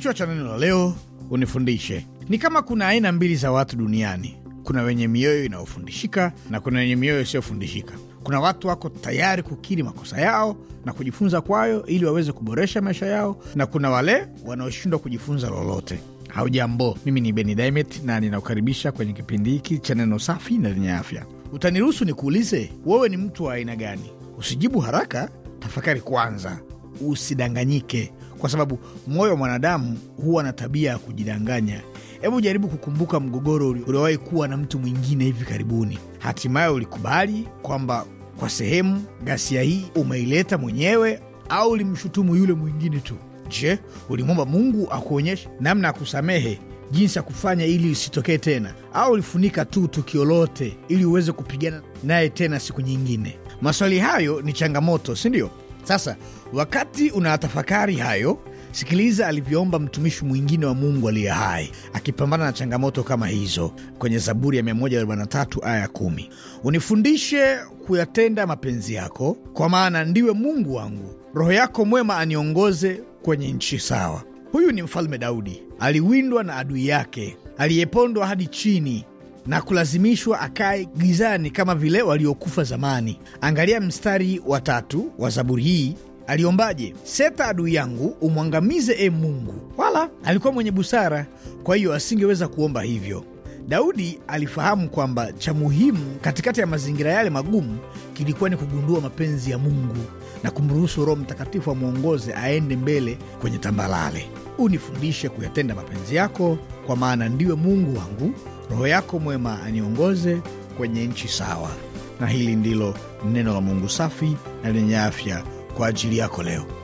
Kichwa cha neno la leo unifundishe. Ni kama kuna aina mbili za watu duniani, kuna wenye mioyo inayofundishika na kuna wenye mioyo isiyofundishika. Kuna watu wako tayari kukiri makosa yao na kujifunza kwayo ili waweze kuboresha maisha yao, na kuna wale wanaoshindwa kujifunza lolote. Haujambo, mimi ni Beni Dimet na ninakukaribisha kwenye kipindi hiki cha neno safi na lenye afya. Utaniruhusu nikuulize, wewe ni mtu wa aina gani? Usijibu haraka, tafakari kwanza usidanganyike, kwa sababu moyo wa mwanadamu huwa na tabia ya kujidanganya. Hebu jaribu kukumbuka mgogoro uliowahi kuwa na mtu mwingine hivi karibuni. Hatimaye ulikubali kwamba kwa sehemu ghasia hii umeileta mwenyewe, au ulimshutumu yule mwingine tu? Je, ulimwomba Mungu akuonyeshe namna ya kusamehe, jinsi ya kufanya ili isitokee tena, au ulifunika tu tukio lote ili uweze kupigana naye tena siku nyingine? Maswali hayo ni changamoto, si ndio? Sasa wakati unatafakari hayo, sikiliza alivyoomba mtumishi mwingine wa Mungu aliye hai akipambana na changamoto kama hizo kwenye Zaburi ya 143 aya 1 unifundishe kuyatenda mapenzi yako, kwa maana ndiwe Mungu wangu, roho yako mwema aniongoze kwenye nchi sawa. Huyu ni Mfalme Daudi, aliwindwa na adui yake, aliyepondwa hadi chini na kulazimishwa akae gizani kama vile waliokufa zamani. Angalia mstari wa tatu wa Zaburi hii. Aliombaje? Seta adui yangu umwangamize, e Mungu. Wala alikuwa mwenye busara, kwa hiyo asingeweza kuomba hivyo. Daudi alifahamu kwamba cha muhimu katikati ya mazingira yale magumu kilikuwa ni kugundua mapenzi ya Mungu na kumruhusu Roho Mtakatifu amwongoze aende mbele kwenye tambalale. Unifundishe kuyatenda mapenzi yako, kwa maana ndiwe Mungu wangu. Roho yako mwema aniongoze kwenye nchi sawa. Na hili ndilo neno la Mungu safi na lenye afya kwa ajili yako leo.